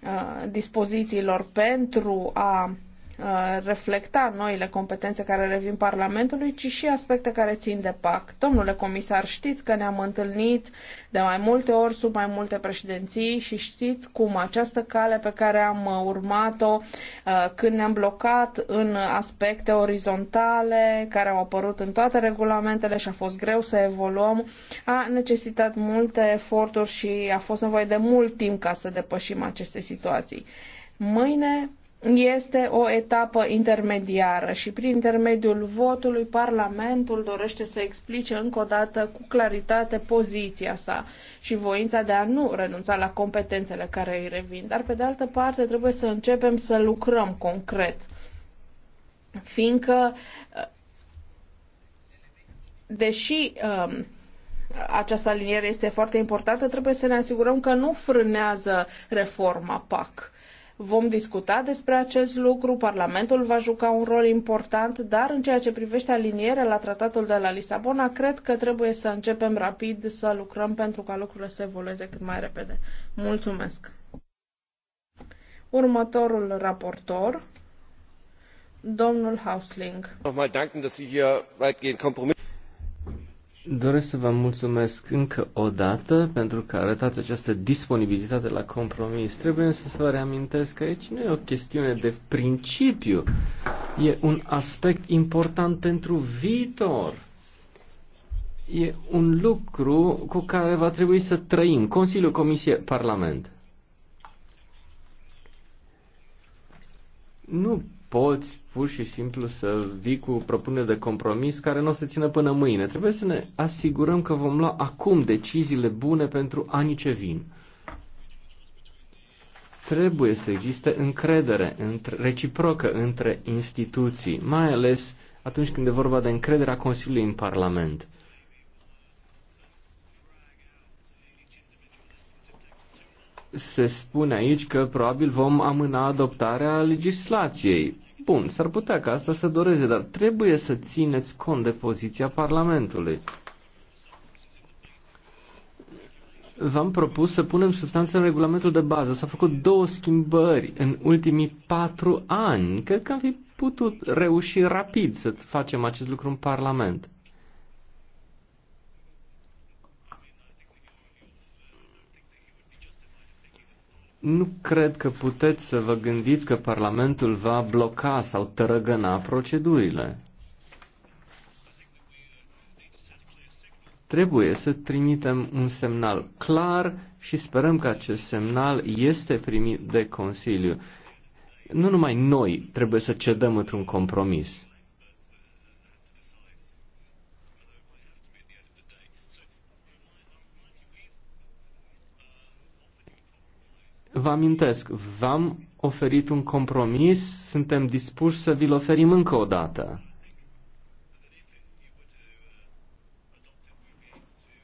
uh, dispozițiilor pentru a Uh, reflecta noile competențe care revin Parlamentului, ci și aspecte care țin de PAC. Domnule comisar, știți că ne-am întâlnit de mai multe ori sub mai multe președinții și știți cum această cale pe care am uh, urmat-o uh, când ne-am blocat în aspecte orizontale care au apărut în toate regulamentele și a fost greu să evoluăm, a necesitat multe eforturi și a fost nevoie de mult timp ca să depășim aceste situații. Mâine este o etapă intermediară și prin intermediul votului Parlamentul dorește să explice încă o dată cu claritate poziția sa și voința de a nu renunța la competențele care îi revin. Dar pe de altă parte trebuie să începem să lucrăm concret, fiindcă deși um, această aliniere este foarte importantă, trebuie să ne asigurăm că nu frânează reforma PAC Vom discuta despre acest lucru, Parlamentul va juca un rol important, dar în ceea ce privește alinierea la tratatul de la Lisabona, cred că trebuie să începem rapid să lucrăm pentru ca lucrurile să evolueze cât mai repede. Mulțumesc! Următorul raportor, domnul Hausling. Doresc să vă mulțumesc încă o dată pentru că arătați această disponibilitate la compromis. Trebuie să vă reamintesc că aici nu e o chestiune de principiu, e un aspect important pentru viitor. E un lucru cu care va trebui să trăim. Consiliul, Comisie, Parlament. Nu poți pur și simplu să vii cu propuneri de compromis care nu o să țină până mâine. Trebuie să ne asigurăm că vom lua acum deciziile bune pentru anii ce vin. Trebuie să existe încredere între, reciprocă între instituții, mai ales atunci când e vorba de încrederea Consiliului în Parlament. se spune aici că probabil vom amâna adoptarea legislației. Bun, s-ar putea ca asta să doreze, dar trebuie să țineți cont de poziția Parlamentului. V-am propus să punem substanță în regulamentul de bază. S-au făcut două schimbări în ultimii patru ani. Cred că am fi putut reuși rapid să facem acest lucru în Parlament. nu cred că puteți să vă gândiți că Parlamentul va bloca sau tărăgăna procedurile. Trebuie să trimitem un semnal clar și sperăm că acest semnal este primit de Consiliu. Nu numai noi trebuie să cedăm într-un compromis. Vă amintesc, v-am oferit un compromis, suntem dispuși să vi-l oferim încă o dată.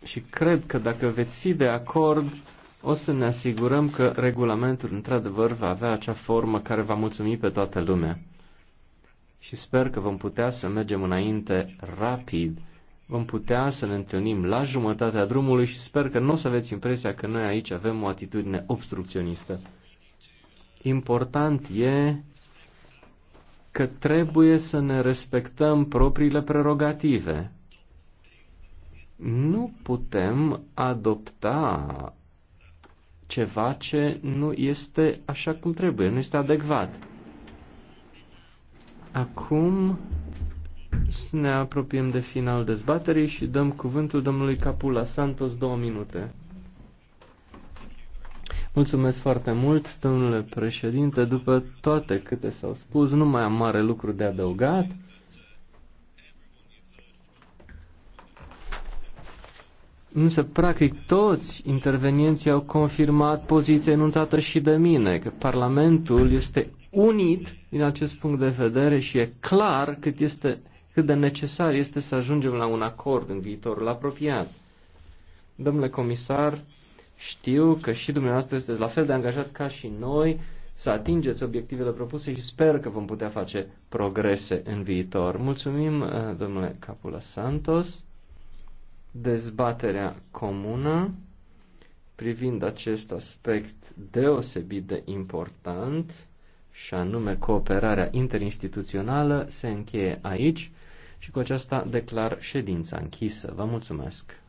Și cred că dacă veți fi de acord, o să ne asigurăm că regulamentul într-adevăr va avea acea formă care va mulțumi pe toată lumea. Și sper că vom putea să mergem înainte rapid vom putea să ne întâlnim la jumătatea drumului și sper că nu o să aveți impresia că noi aici avem o atitudine obstrucționistă. Important e că trebuie să ne respectăm propriile prerogative. Nu putem adopta ceva ce nu este așa cum trebuie, nu este adecvat. Acum ne apropiem de final dezbaterii și dăm cuvântul domnului Capula Santos două minute. Mulțumesc foarte mult, domnule președinte. După toate câte s-au spus, nu mai am mare lucru de adăugat. Însă, practic, toți intervenienții au confirmat poziția enunțată și de mine, că Parlamentul este unit din acest punct de vedere și e clar cât este cât de necesar este să ajungem la un acord în viitorul apropiat. Domnule comisar, știu că și dumneavoastră sunteți la fel de angajat ca și noi să atingeți obiectivele propuse și sper că vom putea face progrese în viitor. Mulțumim, uh, domnule Capula Santos. Dezbaterea comună privind acest aspect deosebit de important, și anume cooperarea interinstituțională, se încheie aici. Și cu aceasta declar ședința închisă. Vă mulțumesc!